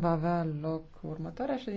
va avea loc următoarea ședință.